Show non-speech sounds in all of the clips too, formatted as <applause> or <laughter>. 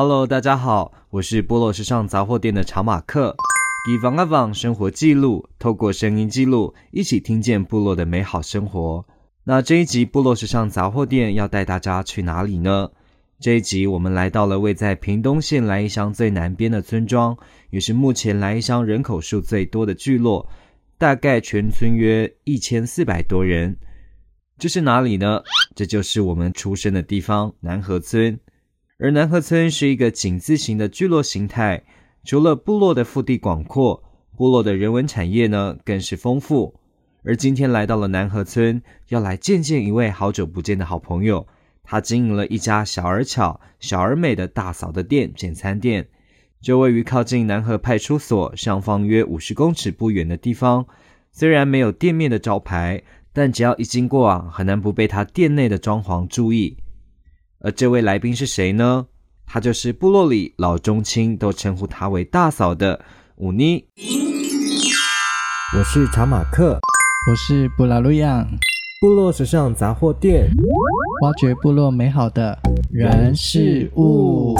Hello，大家好，我是部落時尚雜貨店的查馬克，KIVANGAVANG 聲活紀錄，透過聲音記錄，一起聽見部落的美好生活。那這一集部落時尚雜貨店要帶大家去哪裡呢？這一集我們來到了位在屏東縣來義鄉最南邊的村莊，也是目前來義鄉人口數最多的聚落，大概全村約一千四百多人。這是哪裡呢？這就是我們出生的地方——南和村。而南和村是一個井字形的聚落形態，除了部落的腹地廣闊，部落的人文產業呢更是豐富。而今天來到了南和村，要來見見一位好久不見的好朋友，她經營了一家小而巧、小而美的大嫂の店簡餐店，就位於靠近南和派出所上方約五十公尺不遠的地方。雖然沒有店面的招牌，但只要一經過啊，很難不被她店內的裝潢注意。而這位來賓是誰呢？他就是部落裡老中青都稱呼他為大嫂的嫵妮、嗯。我是查馬克，我是布拉路漾，部落時尚雜貨店，挖掘部落美好的人事物。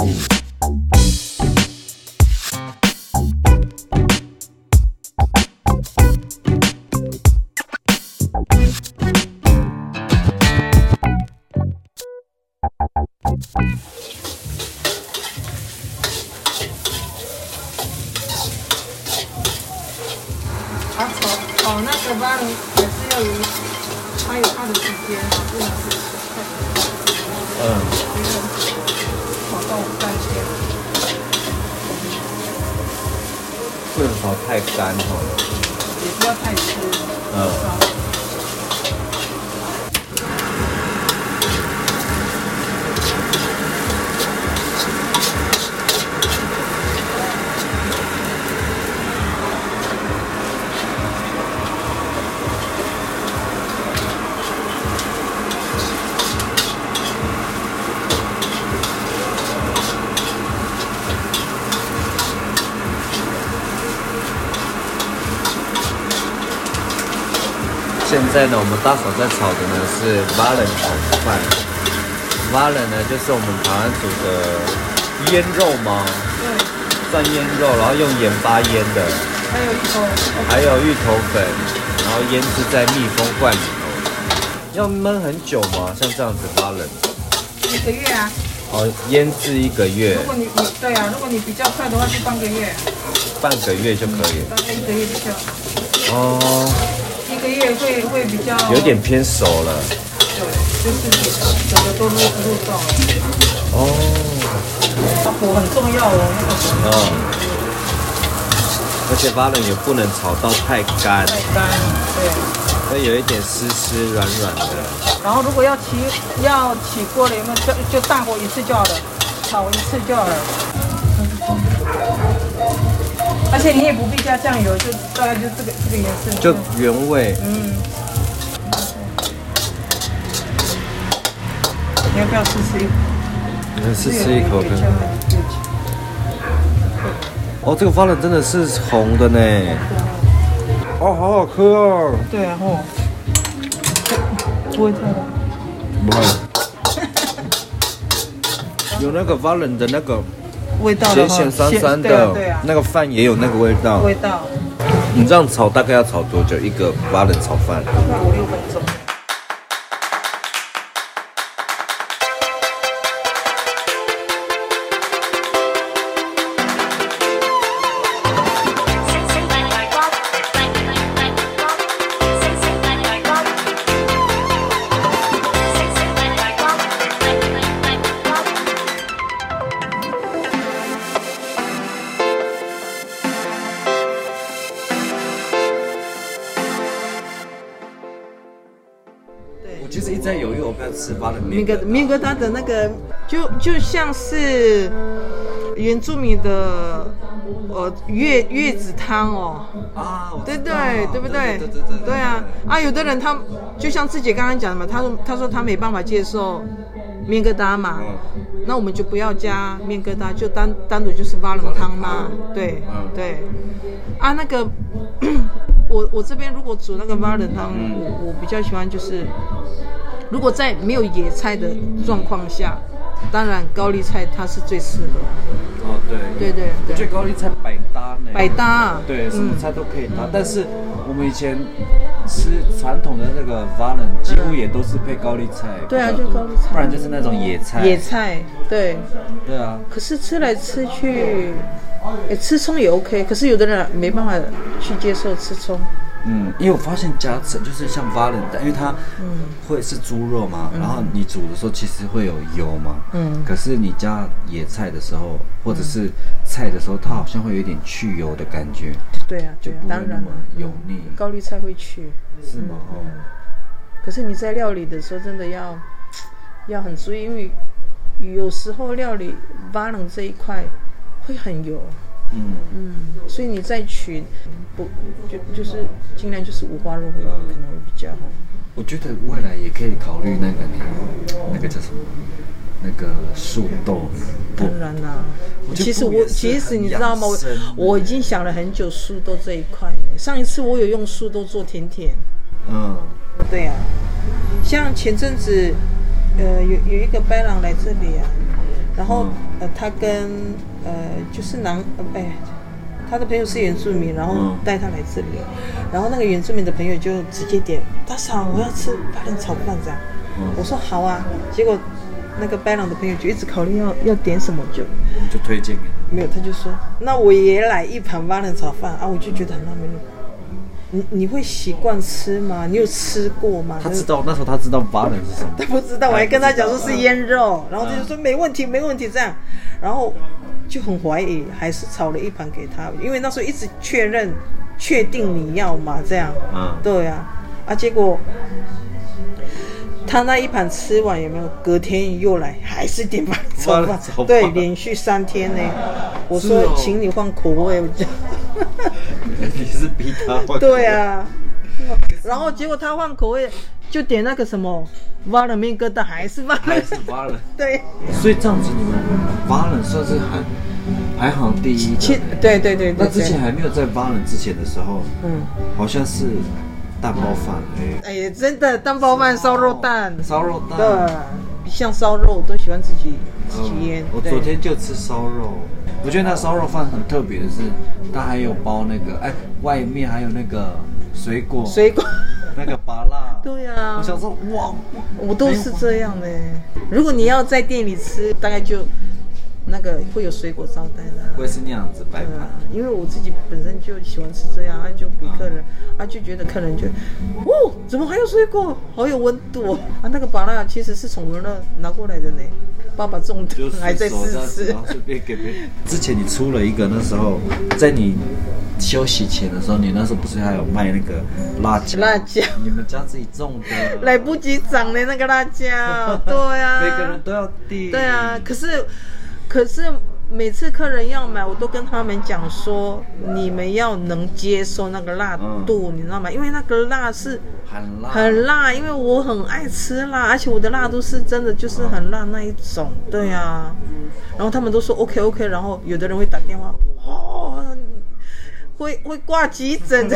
現在呢，我們大嫂在炒的呢是 valen 炒飯。valen 呢，就是我們排灣族的醃肉嗎？對，蒜醃肉，然後用鹽巴醃的。還有芋頭。還有芋頭粉，頭粉然後醃制在密封罐裡頭、嗯，要燜很久嗎？像這樣子 valen。一個月啊。哦，醃制一個月。如果你你對啊，如果你比較快的話，就半個月。半個月就可以。半個月就行了。哦。會會比較有點偏熟了，對，就是整個都入入洞了。哦，它火很重要哦，那個哦，而且八稜也不能炒到太乾，太乾，對，要有一點濕濕軟軟軟的。然後如果要起要起鍋了，有沒有就就大火一次就好了，炒一次就好了。而且你也不必加醬油，就大概就這個這個顏色。就原味。嗯。你要不要吃試試一，試試一口？你吃吃一口，可以。哦，這個發冷真的是紅的呢。哦，好好喝哦、啊。對啊，吼、哦。不會燙吧？不會。 <laughs> 有那個發冷的那個。鹹鹹酸酸的、啊啊，那個飯也有那個味道。味道，你這樣炒大概要炒多久？一個八人炒飯？五六分鐘。麵疙麵疙瘩的那個，就就像是原住民的呃月月子湯哦，啊，對對對不對？對啊啊！有的人他就像自己剛剛講的嘛，他說他說他沒辦法接受麵疙瘩嘛，嗯，那我們就不要加麵疙瘩，就單單獨就是蛙冷湯嘛，對對啊，那個我我這邊如果煮那個蛙冷湯，我我比較喜歡就是。如果在沒有野菜的狀況下，當然高麗菜它是最適合的。哦，對，對對對，最高麗菜百搭呢。百搭、啊。對、嗯，什麼菜都可以搭、嗯。但是我們以前吃傳統的那個 Valent，幾乎也都是配高麗菜、嗯。對啊，就高麗菜。不然就是那種野菜、嗯。野菜，對。對啊。可是吃來吃去，吃蔥也 OK。可是有的人沒辦法去接受吃蔥。嗯，因為我發現加就是像 Valen，因為它嗯會是豬肉嘛、嗯，然後你煮的時候其實會有油嘛，嗯，可是你加野菜的時候或者是菜的時候，嗯、它好像會有一點去油的感覺，對、嗯、啊，就不會那麼油膩、啊啊嗯。高麗菜會去，是嗎？哦、嗯嗯，可是你在料理的時候真的要要很注意，因為有時候料理 Valen 這一塊會很油。嗯嗯，所以你再取不就就是盡量就是五花肉會、嗯、可能會比較好。我覺得未來也可以考慮那個、嗯、那個叫什麼那個樹豆，嗯、當然啦。其實我其實你知道嗎？我我已經想了很久樹豆這一塊、嗯。上一次我有用樹豆做甜甜，嗯，對啊。像前陣子，呃，有有一個白浪來這裡啊。然後、嗯，呃，他跟呃就是男，呃，哎，他的朋友是原住民，然後帶他來這裡，嗯、然後那個原住民的朋友就直接點，大嫂我要吃八仁炒飯這樣、啊嗯，我說好啊，結果那個白浪的朋友就一直考慮要要點什麼酒，你就推薦，沒有他就說，那我也來一盤八仁炒飯啊，我就覺得很浪漫。你你會習慣吃嗎？你有吃過嗎？他知道那時候他知道八冷是什麼，他不知道，還知道我還跟他講說是醃肉，啊、然後他就說沒問題沒問題這樣，然後就很懷疑，還是炒了一盤給他，因為那時候一直確認確定你要嘛這樣，嗯、對呀、啊，啊，結果他那一盤吃完有沒有？隔天又來，還是點八冷炒飯，對，連續三天呢、欸，我說、哦、請你換口味。 <laughs> 你是逼他換？對啊， <laughs> 然後結果他換口味，就點那個什麼挖了麵疙瘩，還是挖了八仁， <laughs> 對。所以這樣子你們八、嗯、人算是很排行第一對，對對對對。那之前還沒有在八人之前的時候，嗯，好像是蛋包飯哎呀、嗯、欸欸，真的蛋包飯燒、哦、肉蛋。燒肉蛋。對。像燒肉我都喜歡自己自己醃、嗯，我昨天就吃燒肉。我覺得那燒肉飯很特別的是，它還有包那個哎，外面還有那個水果，水果那個芭樂。 <laughs> 對呀、啊，我想說哇，哇，我都是這樣的。如果你要在店裡吃，大概就。那個會有水果招待的、啊，不會是那樣子擺盤、嗯，因為我自己本身就喜歡吃這樣啊、嗯、啊，就給客人啊，就覺得客人覺得、嗯、哦，怎麼還有水果，好有溫度、哦、啊！那個芭樂其實是從我那拿過來的呢，爸爸種的，就是、的還在試試的然後給給。之前你出了一個，那時候在你休息前的時候，你那時候不是還有賣那個辣椒？辣椒，你們家自己種的。來不及長嘞，那個辣椒。 <laughs> 對呀、啊。每個人都要遞。對啊，可是。可是每次客人要買，我都跟他們講說，你們要能接受那個辣度，嗯，你知道嗎？因為那個辣是很辣，很辣。因為我很愛吃辣，而且我的辣度是真的就是很辣那一種，對呀，啊。然後他們都說 OK OK，然後有的人會打電話，哦，會會掛急診的。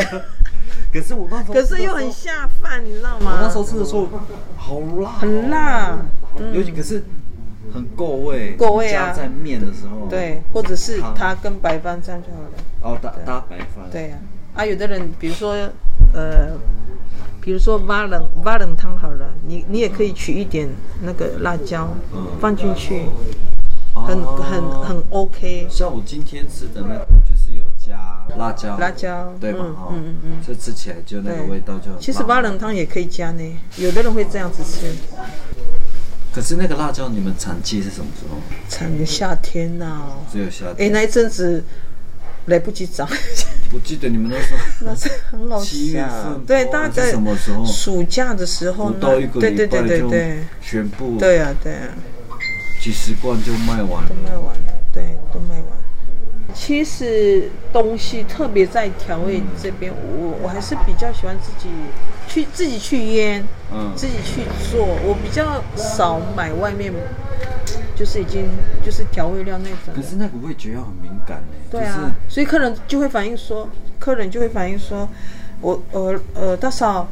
<laughs> 可是我那時候可是又很下飯，你知道嗎？我那時候吃的時候，我那時候吃的時候好辣，很辣，辣嗯，尤其可是。很夠味，夠味啊！加在麵的時候，對，或者是它跟白飯這樣就好了。哦，搭搭白飯。對呀、啊，啊，有的人比如說，呃，比如說蛙冷蛙冷湯好了，你你也可以取一點那個辣椒、嗯、放進去，嗯、很、哦、很很，很 OK。像我今天吃的那個就是有加辣椒，辣椒對吧？嗯嗯嗯，這、嗯、吃起來就那個味道就滿滿。其實蛙冷湯也可以加呢，有的人會這樣子吃。可是那個辣椒你們產季是什麼時候？產的夏天吶、啊哦。只有夏天。哎，那一陣子來不及長。 <laughs> 不記得你們那時候那是很老夏。七對，大概什麼時候？暑假的時候呢。不到一個月就。全部對對對對對對對。對啊對啊。幾十罐就賣完了。都賣完了，對，都賣完了。其實東西特別在調味這邊，嗯、我我還是比較喜歡自己。去自己去醃，嗯，自己去做。我比較少買外面，就是已經就是調味料那種。可是那個味覺要很敏感。對啊，所以客人就會反映說，客人就會反映說，我呃呃大嫂，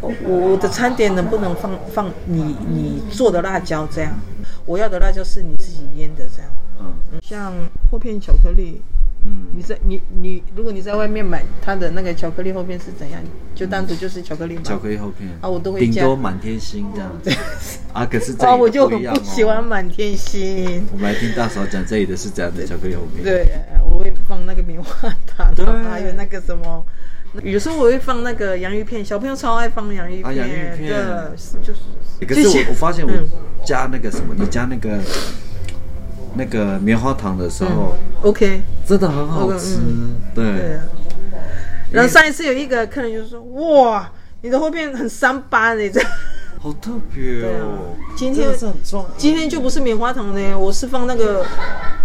我我的餐點能不能放放你你做的辣椒這樣？我要的辣椒是你自己醃的這樣。嗯，像厚片巧克力。你在你你，如果你在外面買它的那個巧克力厚片是怎樣，就單獨就是巧克力嗎？嗯。巧克力厚片啊，我都會加。頂多滿天星這樣子啊，可是這樣、啊、我就很不喜歡滿天星，我們來聽大嫂講這裡的是這樣的巧克力厚片，對，我會放那個棉花糖，還有那個什麼，有時候我會放那個洋芋片，小朋友超愛放洋芋片。啊、洋芋片對，就是。就可是我我發現我加那個什麼，嗯、你加那個。那個棉花糖的時候、嗯、OK，真的很好吃，okay, 嗯、對，對、啊。然後上一次有一個客人就說：“哇，你的後面很三八嘞，這好特別、哦。”哦、啊。今天今天就不是棉花糖的，嗯，我是放那個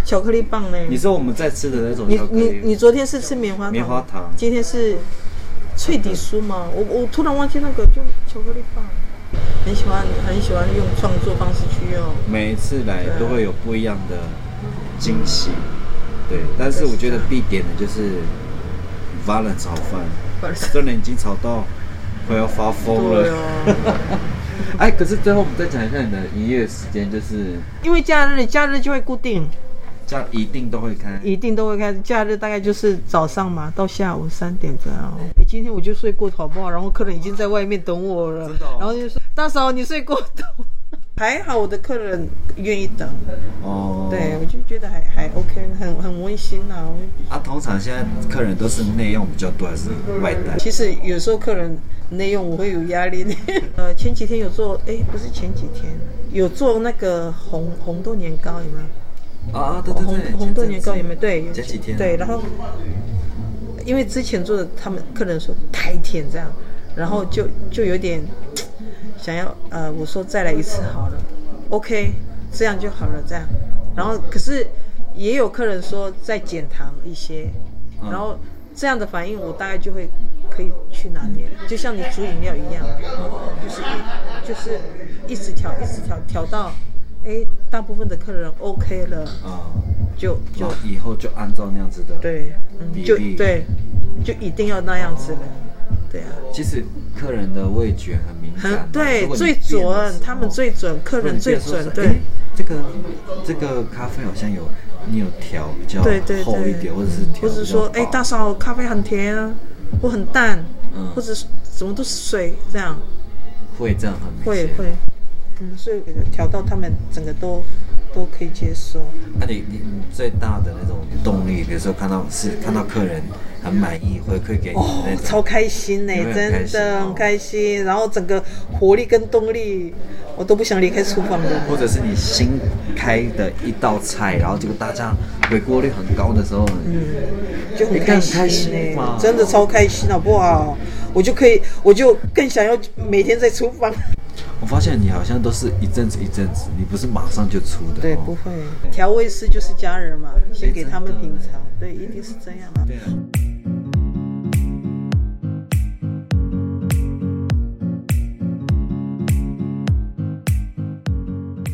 巧克力棒呢。你說我們在吃的那種，你你你昨天是吃棉花糖棉花糖，今天是脆底酥嘛？嗯、我我突然忘記那個就巧克力棒。很喜歡，很喜歡用創作方式去用。每一次來都會有不一樣的驚喜，對。對，但是我覺得必點的就是，越南炒飯。越南炒飯，越南已經炒到快要發瘋了。啊、 <laughs> 哎，可是最後我們再講一下你的營業時間，就是因為假日，你假日就會固定。一定都會開，一定都會開。假日大概就是早上嘛，到下午三點這樣、欸。今天我就睡過頭，不好，然後客人已經在外面等我了。哦、然後就說：“大嫂，你睡過頭。”還好我的客人願意等。哦，對我就覺得還還 OK，很很溫馨吶、啊。啊，通常現在客人都是內用比較多，還是外帶、嗯？其實有時候客人內用我會有壓力呢 <laughs> 呃，前幾天有做，哎，不是前幾天，有做那個紅紅豆年糕，有沒有？啊、哦、啊，對對對，紅豆年糕有沒有？對、啊，對，然後，因為之前做的，他們客人說太甜這樣，然後就、嗯、就有點想要，呃，我說再來一次好了、嗯、OK，這樣就好了這樣，然後可是也有客人說再減糖一些、嗯，然後這樣的反應我大概就會可以去拿捏，就像你煮飲料一樣，嗯、就是一就是一直調一直調調到。哎，大部分的客人 OK 了、嗯、啊，就就以後就按照那樣子的對，嗯、就對，就一定要那樣子的、嗯，對啊。其實客人的味覺很明顯、嗯，對最準，他們最準、哦，客人最準，對。這個這個咖啡好像有，你有調比較對對對厚一點，或者是調或者說，哎，大嫂，咖啡很甜啊，或很淡，嗯、或者怎麼都是水這樣，會這樣很明顯。會會。嗯、所以調到他們整個都都可以接受。那、啊、你你最大的那種動力，比如說看到是看到客人很滿意，回、嗯、饋給你、哦、超開心呢、欸，真的很開心、哦，然後整個活力跟動力，我都不想離開廚房。或者是你新開的一道菜，然後這個大家回鍋率很高的時候，嗯，就很開心哎、欸欸，真的超開心、哦、不好我就可以，我就更想要每天在廚房。我發現你好像都是一陣子一陣子，你不是馬上就出的、哦。對，不會。調味師就是家人嘛，先給他們品嘗。對，一定是這樣嘛、啊。對、啊。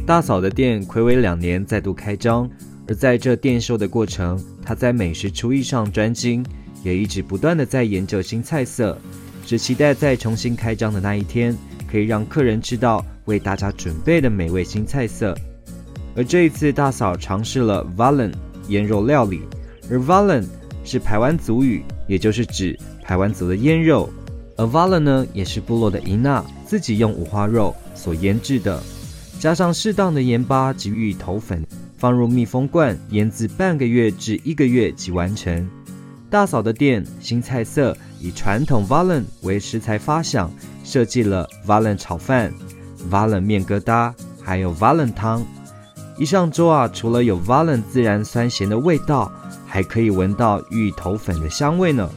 大嫂的店暌違兩年再度開張，而在這店休的過程，她在美食廚藝上專精，也一直不斷的在研究新菜色。只期待在重新開張的那一天，可以讓客人吃到為大家準備的美味新菜色。而這一次，大嫂嘗試了 Valen 醃肉料理，而 Valen 是排灣族語，也就是指排灣族的醃肉。而 Valen 呢，也是部落的伊娜自己用五花肉所醃製的，加上適當的鹽巴及芋頭粉，放入密封罐醃製半個月至一個月即完成。大嫂的店新菜色。以傳統 valen 為食材發想，設計了 valen 炒飯、valen 麵疙瘩，還有 valen 湯。一上桌啊，除了有 valen 自然酸鹹的味道，還可以聞到芋頭粉的香味呢。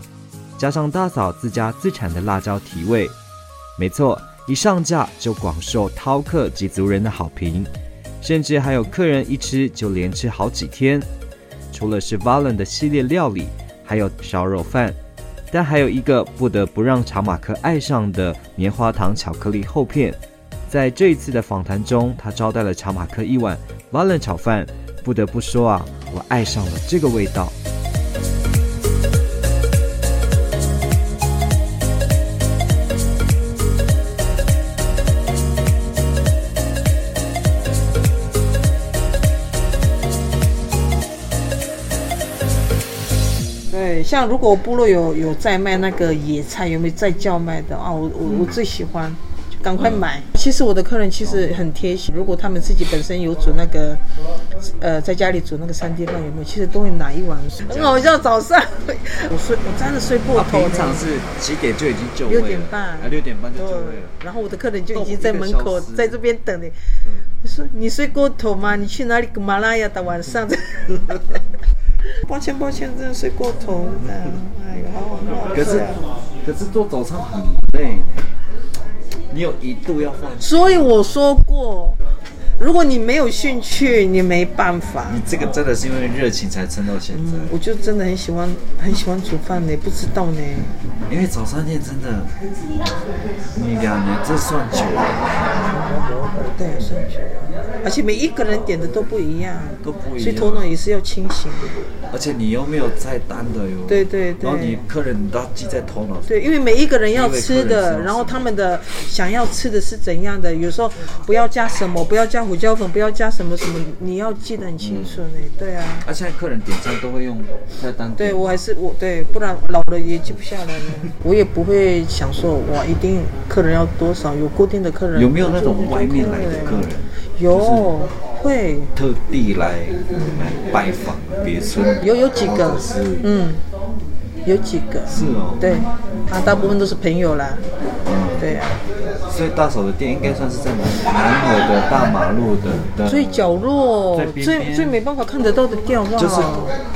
加上大嫂自家自產的辣椒提味，沒錯，一上架就廣受饕客及族人的好評，甚至還有客人一吃就連吃好幾天。除了是 valen 的系列料理，還有燒肉飯。但還有一個不得不讓查馬克愛上的棉花糖巧克力厚片。在這一次的訪談中，他招待了查馬克一碗瓦楞炒飯。不得不說啊，我愛上了這個味道。對，像如果部落有有在賣那個野菜，有沒有在叫賣的啊？我我、嗯、我最喜歡，就趕快買、嗯。其實我的客人其實很貼心，如果他們自己本身有煮那個，呃，在家裡煮那個山地飯，有沒有？其實都會拿一碗。就好像早上、嗯、我睡，我真的睡過頭了、啊。平常是幾點就已經就位了？六點半，啊，六點半就就位了，對。然後我的客人就已經在門口，在這邊等你。你、嗯、說你睡過頭嗎？你去哪裡幹嘛啦呀？大晚上的。嗯 <laughs> 抱歉，抱歉，真的睡過頭了、嗯。哎呦好，好可是，是、啊，可是做早餐很累，你有一度要放棄。所以我說過。如果你沒有興趣，你沒辦法。你這個真的是因為熱情才撐到現在。嗯。我就真的很喜歡，很喜歡煮飯呢，不知道呢。因為早餐店真的，你兩年你這算久。對，算久。而且每一個人點的都不一樣，都不一樣。所以頭腦也是要清醒的。而且你又沒有菜單的喲。對對對。然後你客人都要記在頭腦。對，因為每一個人要吃的，然後他們的想要吃的是怎樣的，有時候不要加什麼，不要加。胡椒粉不要加什麼什麼，你要記得很清楚哎、欸嗯，對啊。啊，現在客人點餐都會用菜單。對，我還是我對，不然老了也記不下來了。 <laughs> 我也不會想說我一定客人要多少，有固定的客人。有沒有那種外面來的客人？有，會、就是。特地來，來拜訪，別村有是有，有幾個？嗯。嗯有幾個是哦，對，啊，大部分都是朋友啦。嗯、對啊。所以大嫂的店應該算是在南南和的大馬路的最、嗯、角落，最邊邊最，最沒辦法看得到的店，好就是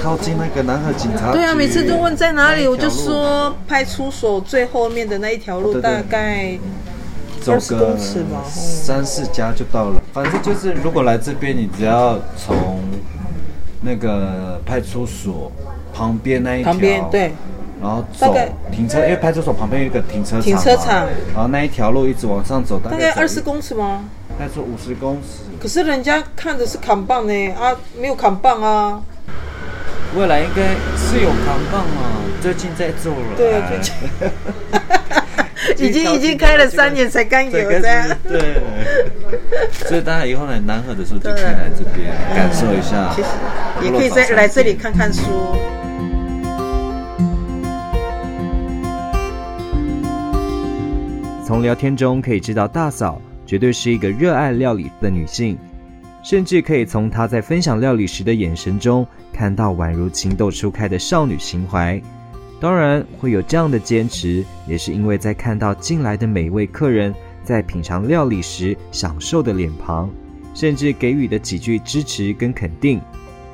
靠近那個南和警察局。對啊，每次都問在哪裡，我就說派出所最後面的那一條路，大概對對走個三四、嗯、三四家就到了。反正就是，如果來這邊，你只要從那個派出所。旁邊那一條，旁邊，對，然後走大概停車，因為派出所旁邊有一個停車場，停車場，然後那一條路一直往上走，大概二十公尺嗎？大概五十公尺。可是人家看的是扛棒呢，啊，沒有扛棒啊。未來應該是有扛棒啊、嗯，最近在做了。對， <laughs> 已經已經開了三年，才剛有噻。對。對 <laughs> 所以大家以後來南和的時候，就可以來這邊、嗯、感受一下，其實也可以在來這裡看看書、嗯。從聊天中可以知道，大嫂絕對是一個熱愛料理的女性，甚至可以從她在分享料理時的眼神中看到宛如情竇初開的少女情懷。當然，會有這樣的堅持，也是因為在看到進來的每一位客人在品嘗料理時享受的臉龐，甚至給予的幾句支持跟肯定。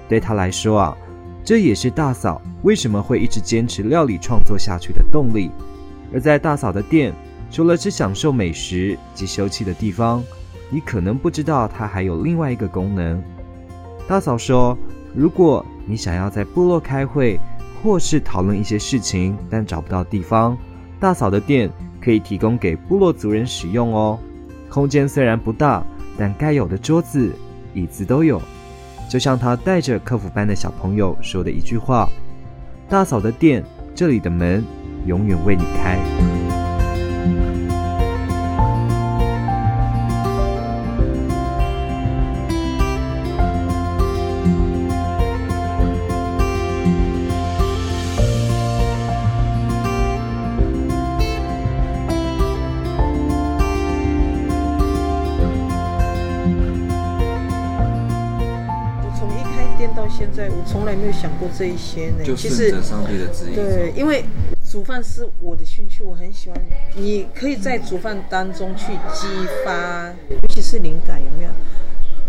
對她來說啊，這也是大嫂為什麼會一直堅持料理創作下去的動力。而在大嫂的店，.除了只享受美食及休憩的地方，你可能不知道它還有另外一個功能。大嫂說，如果你想要在部落開會或是討論一些事情，但找不到地方，大嫂的店可以提供給部落族人使用哦。空間雖然不大，但該有的桌子、椅子都有。就像她帶着客服班的小朋友說的一句話：“大嫂的店，這裡的門永遠為你開。”有想過這一些呢？就是對，因為煮飯是我的興趣，我很喜歡你。你可以在煮飯當中去激發，尤其是靈感有沒有？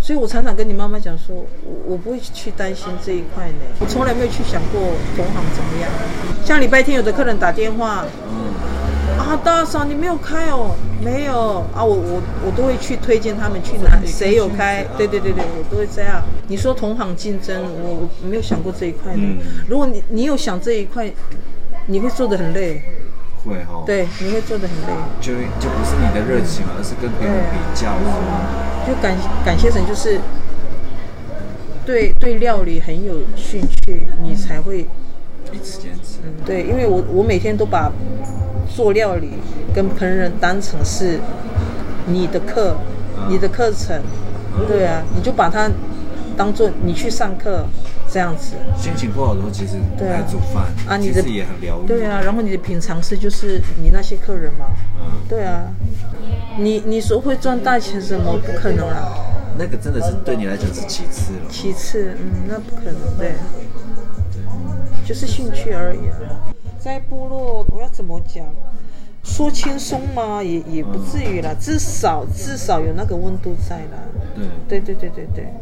所以我常常跟你媽媽講說，我我不會去擔心這一塊呢，我從來沒有去想過同行怎麼樣。像禮拜天有的客人打電話。嗯啊、大嫂，你沒有開哦？沒有啊，我我我都會去推薦他們去哪裡誰有開、啊？對對對對，我都會這樣。你說同行競爭，我、嗯、我沒有想過這一塊的。如果你你有想這一塊，你會做的很累。會、嗯、哈。對，你會做的很累。啊、就就不是你的熱情，而是跟別人比較。嗯、就感感謝神，就是對對料理很有興趣，你才會。嗯對，因為我我每天都把做料理跟烹飪當成是你的課、啊，你的課程、啊，對啊，你就把它當做你去上課這樣子。心情不好的時候，其實做對啊，煮飯啊，你其實也很療癒，對啊。然後你的品嚐師就是你那些客人嘛，對啊。你你說會賺大錢什麼？不可能啊。那個真的是對你來講是其次了嗎？其次，嗯，那不可能，對。就是興趣而已啊。在部落，我要怎麼講？說輕鬆嘛？也也不至於啦、嗯，至少至少有那個溫度在啦。對。對對對對對對。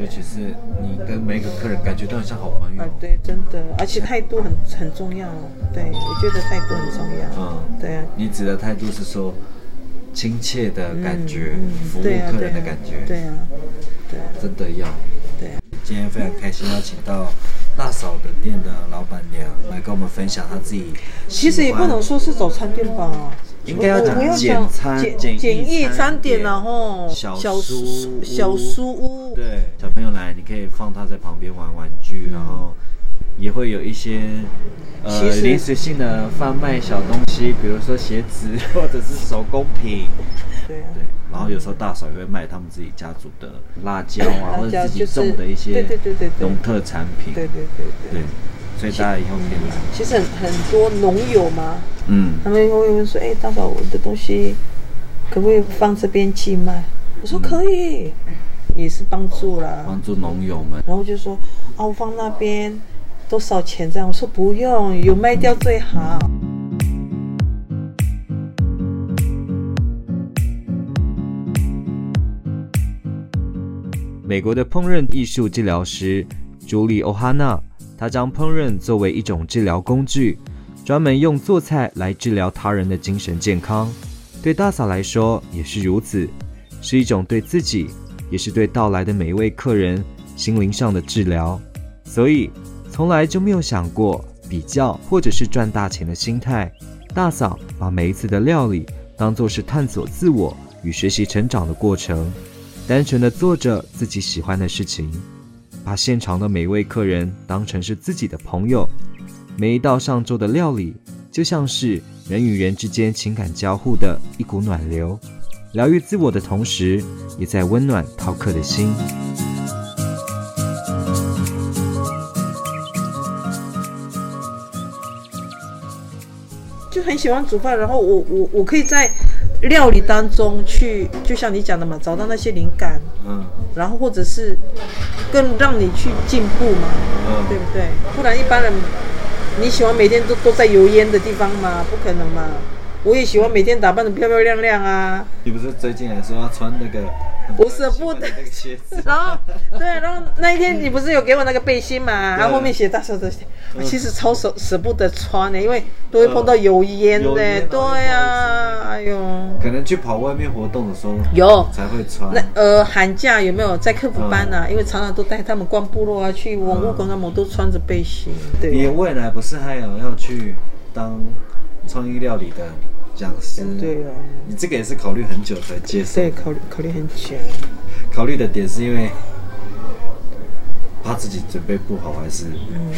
尤其是你跟每個客人感覺都很像好朋友。啊，對，真的，而且態度很很重要。對，我覺得態度很重要。嗯。嗯，對啊。你指的態度是說親切的感覺，嗯、服務客人的感覺。對呀、啊。對、啊對啊。真的要。對、啊。今天非常開心，邀、嗯、請到。大嫂的店的老闆娘來跟我們分享她自己，其實也不能說是早餐店吧，應該要講簡餐，簡簡易餐點然後小書小、小書屋，對，小朋友來，你可以放他在旁邊玩玩具，嗯、然後也會有一些呃其實臨時性的販賣小東西，比如說鞋子或者是手工品。對，啊、對，然後有時候大嫂也會賣他們自己家族的辣椒啊，哎，就是、或者是自己種的一些對對對農特產品，就是，對，對對對對，對對對對對對，所以大家以後可以來其實，嗯、其實很，很多農友嘛，嗯，他們會問說：“哎，大嫂，我的東西可不可以放這邊寄賣？”我說：“可以、嗯，也是幫助啦。」「幫助農友們。”然後就說：“哦、啊、放那邊多少錢這樣？”我說：“不用，有賣掉最好。嗯”嗯美國的烹飪藝術治療師朱莉·歐哈娜，她將烹飪作為一種治療工具，專門用做菜來治療他人的精神健康。對大嫂來說也是如此，是一種對自己，也是對到來的每一位客人心靈上的治療。所以，從來就沒有想過比較或者是賺大錢的心態。大嫂把每一次的料理當作是探索自我與學習成長的過程。單純的做着自己喜歡的事情，把現場的每一位客人當成是自己的朋友，每一道上桌的料理就像是人與人之間情感交互的一股暖流，療癒自我的同時，也在溫暖饕客的心。就很喜歡煮飯，然後我我我可以在。料理當中去，就像你講的嘛，找到那些靈感，嗯，然後或者是更讓你去進步嘛，嗯，對不對？不然一般人，你喜歡每天都都在油煙的地方嗎？不可能嘛。我也喜歡每天打扮得漂漂亮亮啊！你不是最近還說要穿那個，那個？我捨不得。 <laughs> 然後，對，然後那一天你不是有給我那個背心嘛？然、嗯、後、啊、後面寫大嫂的“寫、嗯啊”，其實超舍捨不得穿的、欸，因為都會碰到油煙的、欸呃煙啊。對啊，哎呦！可能去跑外面活動的時候有才會穿。那呃，寒假有沒有在客服班呢、啊？嗯、因為常常都帶他們逛部落啊，去文物館啊，我都穿着背心。嗯、對，你未來不是還有要去當？創意料理的講師，嗯、對啊，你這個也是考慮很久才接受，對，考慮考慮很久。考慮的點是因為怕自己準備不好，還是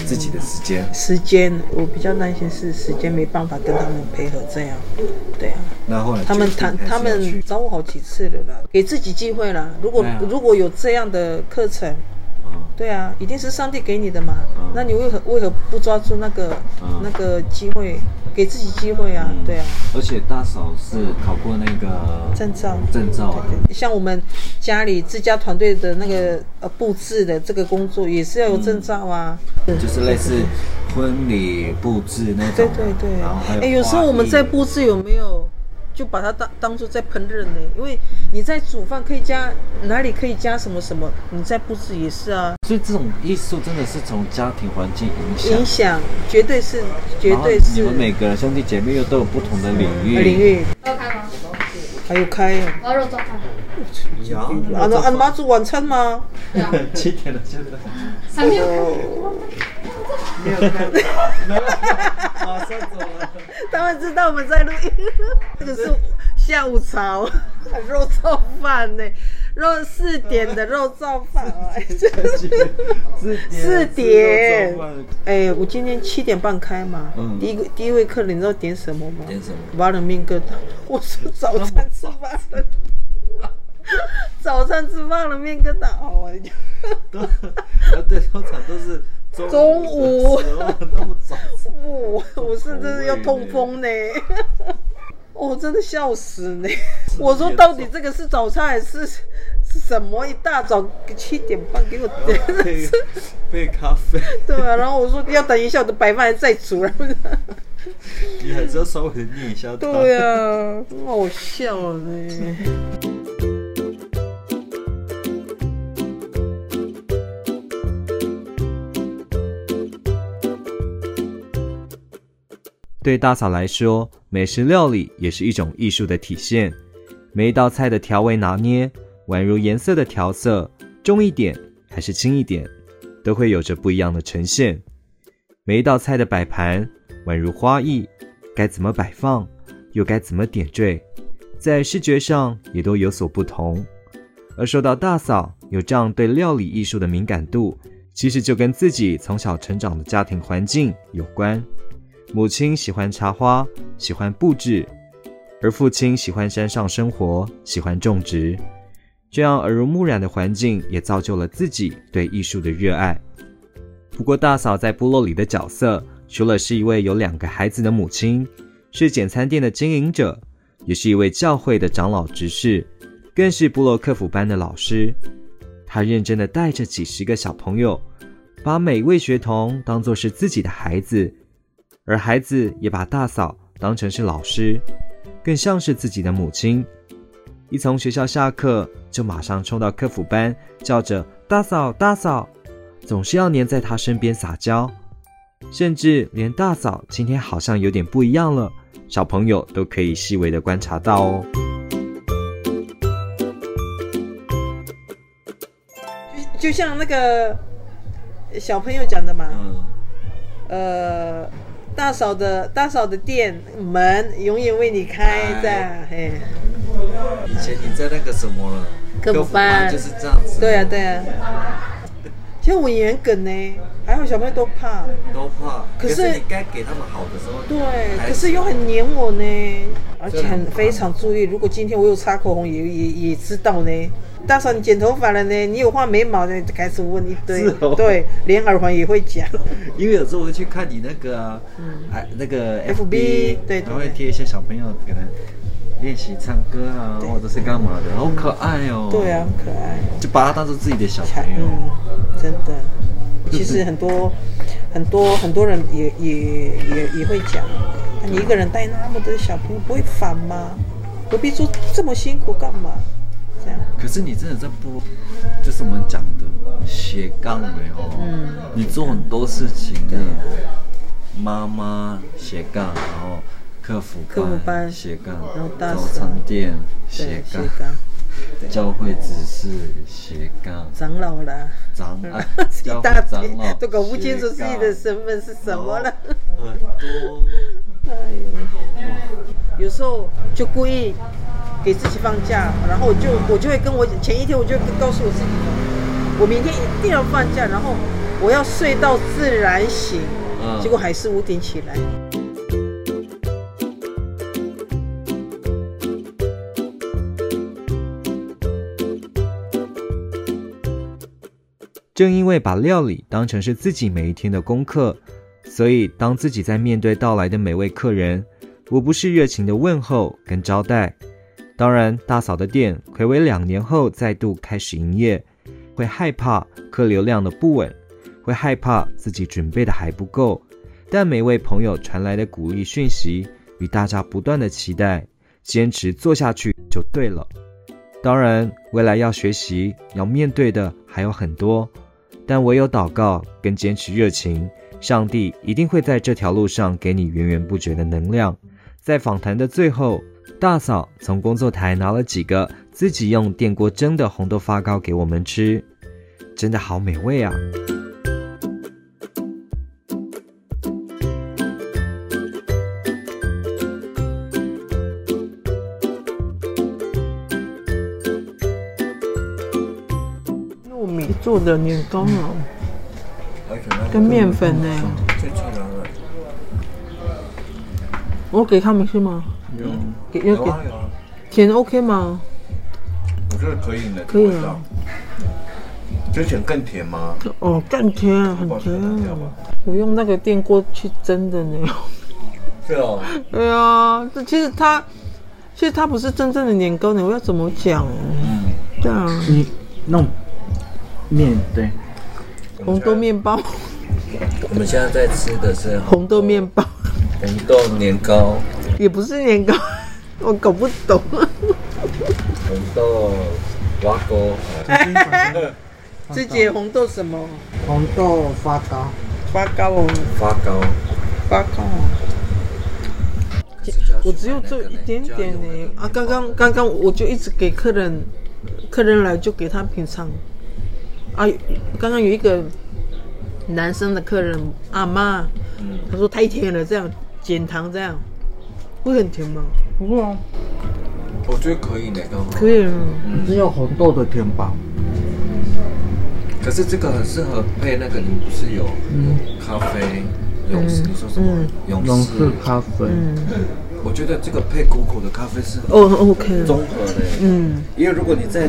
自己的時間？嗯嗯、時間，我比較擔心是時間沒辦法跟他們配合，這樣、嗯，對啊。然後他們他，他們找我好幾次了啦，給自己機會啦。如果、啊、如果有這樣的課程。對啊，一定是上帝給你的嘛。嗯、那你為何為何不抓住那個、嗯、那個機會，給自己機會啊、嗯？對啊。而且大嫂是考過那個證照，證照。像我們家裡自家團隊的那個、嗯、呃布置的這個工作，也是要有證照啊、嗯。就是類似婚禮布置那種、啊。對對對、啊。然後還有哎，有時候我們在布置有沒有？嗯就把它當當做在烹飪呢，因為你在煮飯可以加哪裡可以加什麼什麼，你在布置也是啊。所以這種藝術真的是從家庭環境影響，影響絕對是，絕對是。你們每個兄弟姐妹又都有不同的領域。領域。還有開嗎？羊肉做、哦、飯。羊。按照媽媽做晚餐嗎？七點了現在。 <laughs> 還沒有， <laughs> 沒有開，沒有，馬上走了。他們知道我們在錄音。 <laughs> 這個是下午茶， <laughs> 肉燥飯呢，肉四點的肉燥飯、啊。 <laughs> 四點，哎，我今天七點半開嘛。嗯。第一個第一位客人你知道點什麼嗎？點什麼？八仁麵疙瘩。我說早餐吃八仁。早餐吃飯了，麵疙瘩，我。對、啊，對，通常都是中午。中午、啊、那麼早，我、哦、我、嗯嗯、是真的要痛風呢。我、欸哦、真的笑死呢。我說到底這個是早餐還是是什麼？一大早七點半給我點杯、呃、咖啡。對、啊，然後我說要等一下，我的白飯還在煮。 <laughs> 你還是要稍微膩一下。對呀、啊，我笑了呢。 <laughs> 對大嫂來說，美食料理也是一種藝術的體現。每一道菜的調味拿捏，宛如顏色的調色，重一點還是輕一點，都會有着不一樣的呈現。每一道菜的擺盤，宛如花藝，該怎麼擺放，又該怎麼點綴，在視覺上也都有所不同。而說到大嫂有這樣對料理藝術的敏感度，其實就跟自己從小成長的家庭環境有關。母親喜歡插花，喜歡布置；而父親喜歡山上生活，喜歡種植。這樣耳濡目染的環境，也造就了自己對藝術的熱愛。不過，大嫂在部落裡的角色，除了是一位有兩個孩子的母親，是簡餐店的經營者，也是一位教會的長老執事，更是部落課輔班的老師。她認真地帶着幾十個小朋友，把每位學童當作是自己的孩子。而孩子也把大嫂當成是老師，更像是自己的母親。一從學校下課，就馬上衝到課輔班，叫着“大嫂，大嫂”，總是要黏在她身邊撒嬌，甚至連大嫂今天好像有點不一樣了，小朋友都可以細微的觀察到哦。就就像那個小朋友講的嘛，嗯、呃。大嫂的大嫂的店門永遠為你開的，以前你在那個什麼了？跟、哎、班就是這樣子。對呀、啊、對呀、啊。其、嗯、實我嚴梗呢，還好小朋友都怕。都怕可。可是你該給他們好的時候。對。是可是又很黏我呢。而且很，很非常注意，如果今天我有擦口紅也，也也也知道呢。大嫂你剪頭髮了呢，你有畫眉毛的，開始問一堆。哦，對，連耳環也會講。 <laughs> 因為有時候我會去看你那個啊，還、嗯啊、那個 FB，FB 對，對，對，還會貼一些小朋友可能練習唱歌啊，或者是幹嘛的，好可愛哦。對啊，很可愛，就把它當做自己的小朋友。啊。嗯，真的，其實很多很多很多人也也也也會講。啊，你一個人帶那麼多小朋友不會煩嗎？何必做這麼辛苦幹嘛？可是你真的在播，就是我們講的斜槓沒哦、嗯。你做很多事情的、欸、媽媽斜槓，然後客服班斜槓，然後早餐店斜槓。血教會只是斜槓長老了，長,、啊、長老，一大早都搞不清楚自己的身份是什麼了。啊、 <laughs> 很多哎呦好好，有時候就故意給自己放假，然後我就我就會跟我前一天我就會告訴我自己我明天一定要放假，然後我要睡到自然醒。嗯、結果還是五點起來。正因為把料理當成是自己每一天的功課，所以當自己在面對到來的每位客人，我不是熱情的問候跟招待。當然，大嫂的店睽違兩年後再度開始營業，會害怕客流量的不穩，會害怕自己準備的還不夠。但每位朋友傳來的鼓勵訊息與大家不斷的期待，堅持做下去就對了。當然，未來要學習，要面對的還有很多。但唯有禱告跟堅持熱情，上帝一定會在這條路上給你源源不絕的能量。在訪談的最後，大嫂從工作台拿了幾個自己用電鍋蒸的紅豆發糕給我們吃，真的好美味啊！做的年糕啊、嗯，跟麵粉呢？我給他們吃嗎有、嗯有有啊？有，有給。甜 OK 嗎？我覺得可以呢。可以啊。之前更甜嗎？哦，更甜，很甜。我用那個電鍋去蒸的呢。對哦。 <laughs> 對啊，這其實它，其實它不是真正的年糕呢。我要怎麼講？嗯，對啊，你弄。面對紅豆麵包，我們現在在吃的是紅豆麵包、 <laughs> 紅豆年糕，也不是年糕，我搞不懂。 <laughs> 紅豆花糕 <laughs> 、啊，這節紅豆什麼？紅豆發糕，發糕哦，發糕，發糕、哦。糕哦、我只有做一點點呢。啊，剛剛剛剛我就一直給客人，嗯、客人來就給他品嘗。啊，剛剛有一個男生的客人阿媽、嗯，他說太甜了，這樣減糖這樣，會很甜嗎、嗯？不會啊，我覺得可以那剛好可以啊、嗯，只有紅豆的甜吧。可是這個很適合配那個，你不是有咖啡勇士、嗯？你說什麼勇、嗯、士咖啡嗯嗯？嗯，我覺得這個配苦苦的咖啡是哦，OK，綜合的，嗯，因為如果你在。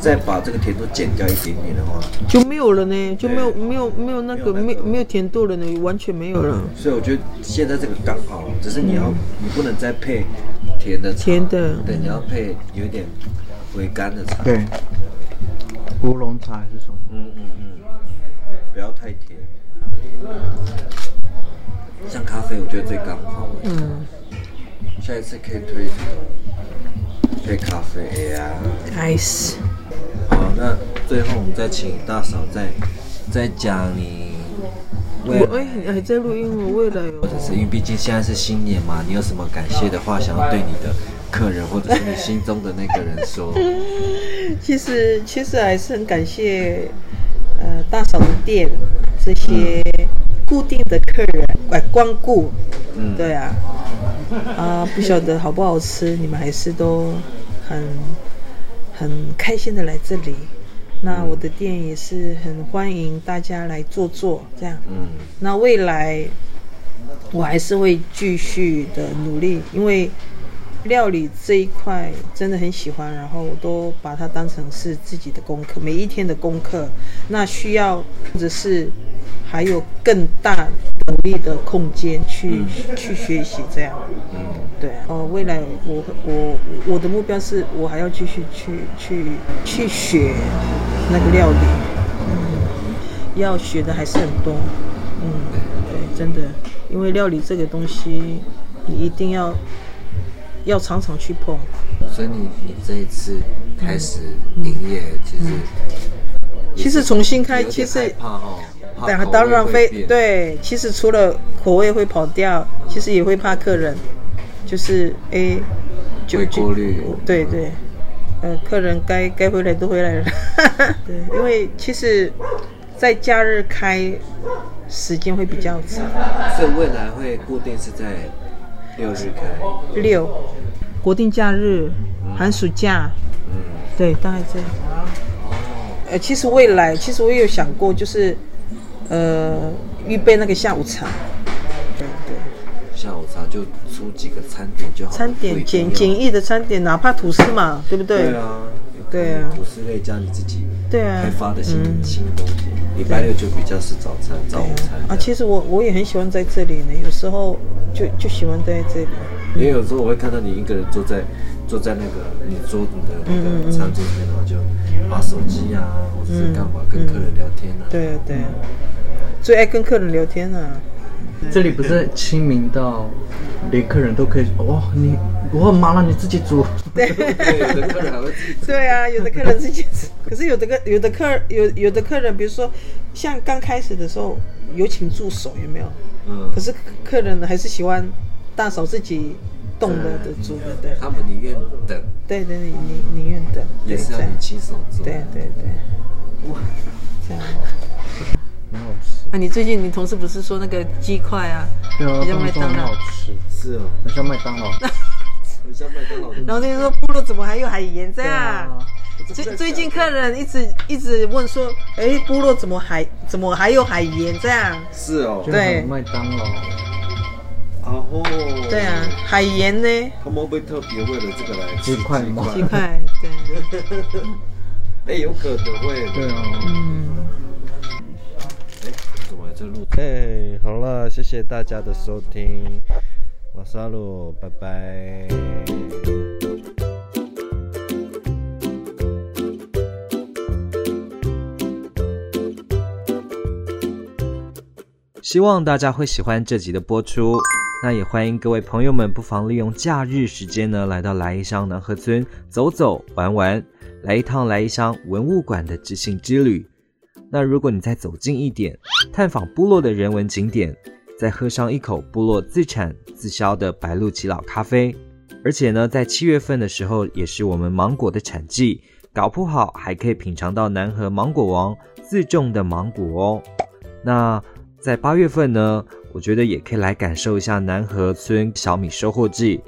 再把這個甜度減掉一點點的話，就沒有了呢，就沒有沒有沒有那個沒有沒有甜度了呢，完全沒有了。所以我覺得現在這個剛好，只是你要、嗯、你不能再配甜的甜的對、嗯，你要配有一點回甘的茶，對，烏龍茶還是什麼？嗯嗯嗯，不要太甜、嗯，像咖啡我覺得最剛好。嗯，下一次可以配咖啡呀、啊、Nice 那最後我們再請大嫂再再講你。喂喂、欸，你還在錄音我喂，未來喲。或者是因為畢竟現在是新年嘛，你有什麼感謝的話想要對你的客人，或者是你心中的那個人說？ <laughs> 其實其實還是很感謝，呃，大嫂的店這些固定的客人來、呃、光顧。嗯，對啊。 <laughs> 啊，不曉得好不好吃？你們還是都很。很開心的來這裡，那我的店也是很歡迎大家來坐坐這樣。嗯，那未來我還是會繼續的努力，因為料理這一塊真的很喜歡，然後我都把它當成是自己的功課，每一天的功課。那需要，或者是還有更大努力的空間去、嗯、去學習這樣，嗯，對，哦，未來我會我我的目標是我還要繼續去去去學那個料理，嗯，要學的還是很多，嗯，對，對真的，因為料理這個東西你一定要要常常去碰。所以你你這一次開始營業，其實其實重新開，其實。嗯嗯嗯其實那當然，對，其實除了口味會跑掉，嗯、其實也會怕客人，就是 A，、欸、會焦慮，對對、嗯，呃，客人該該回來都回來了， <laughs> 對，因為其實，在假日開時間會比較長，所以未來會固定是在六日開，六，國定假日、嗯、寒暑假、嗯，對，大概這樣。哦，呃，其實未來其實我有想過，就是。呃，預備那個下午茶，對對，下午茶就出幾個餐點就好，餐點簡簡易的餐點，哪怕吐司嘛、嗯，對不對？對啊，對啊，吐司類加你自己對啊。開發的新、嗯、新的東西。禮拜六就比較是早餐、啊、早午餐啊。其實我我也很喜歡在這裡呢，有時候就就喜歡待在這裡。也、嗯、有時候我會看到你一個人坐在。坐在那個你桌子的那個餐桌裡面的話，嗯嗯、然後就把手機啊，嗯、或者是幹嘛、嗯、跟客人聊天啊。對啊對、啊嗯，最愛跟客人聊天了、啊。這裡不是親民到連客人都可以？哦、哇，你哇媽了，你自己煮？對 <laughs> 對，有的客人還會自己。對啊，有的客人自己煮。可是有的個有的客有有的客人，比如說像剛開始的時候有請助手有沒有？嗯。可是客人還是喜歡大嫂自己。凍了的,的豬，對，他們寧願等。對對,對,對,對你寧寧願等。也是要你親手做。對對對。哇，這樣。很好吃。啊，你最近你同事不是說那個雞塊啊？對啊，像麥當勞。好吃，是哦，很像麥當勞。很像麥當勞。然後那邊說部落怎麼還有海鹽、啊啊、這樣最最近客人一直一直問說，哎，部落怎麼還怎麼還有海鹽這樣是哦。對，麥當勞。對啊，海鹽呢？他們不會特別為了這個來七塊嗎？七塊，對。哎、 <laughs> 欸，有可能會。對哦、啊。哎、嗯，哎，好了，謝謝大家的收聽，晚上嘍，拜拜。希望大家會喜歡這集的播出。那也歡迎各位朋友們，不妨利用假日時間呢，來到來義鄉南和村走走玩玩，來一趟來義鄉文物館的知性之旅。那如果你再走近一點，探訪部落的人文景點，再喝上一口部落自產自銷的白露吉老咖啡，而且呢，在七月份的時候也是我們芒果的產季，搞不好還可以品嘗到南和芒果王自種的芒果哦。那在八月份呢？我覺得也可以來感受一下南河村小米收穫季。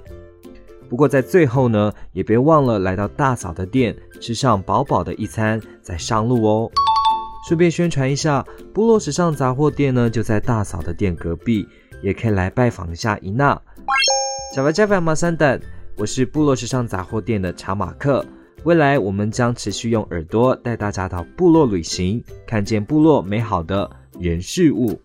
不過在最後呢，也別忘了來到大嫂的店吃上飽飽的一餐再上路哦。順便宣傳一下部落時尚雜貨店呢，就在大嫂的店隔壁，也可以來拜訪一下伊娜。小白加粉毛三等，我是部落時尚雜貨店的查馬克。未來我們將持續用耳朵帶大家到部落旅行，看見部落美好的人事物。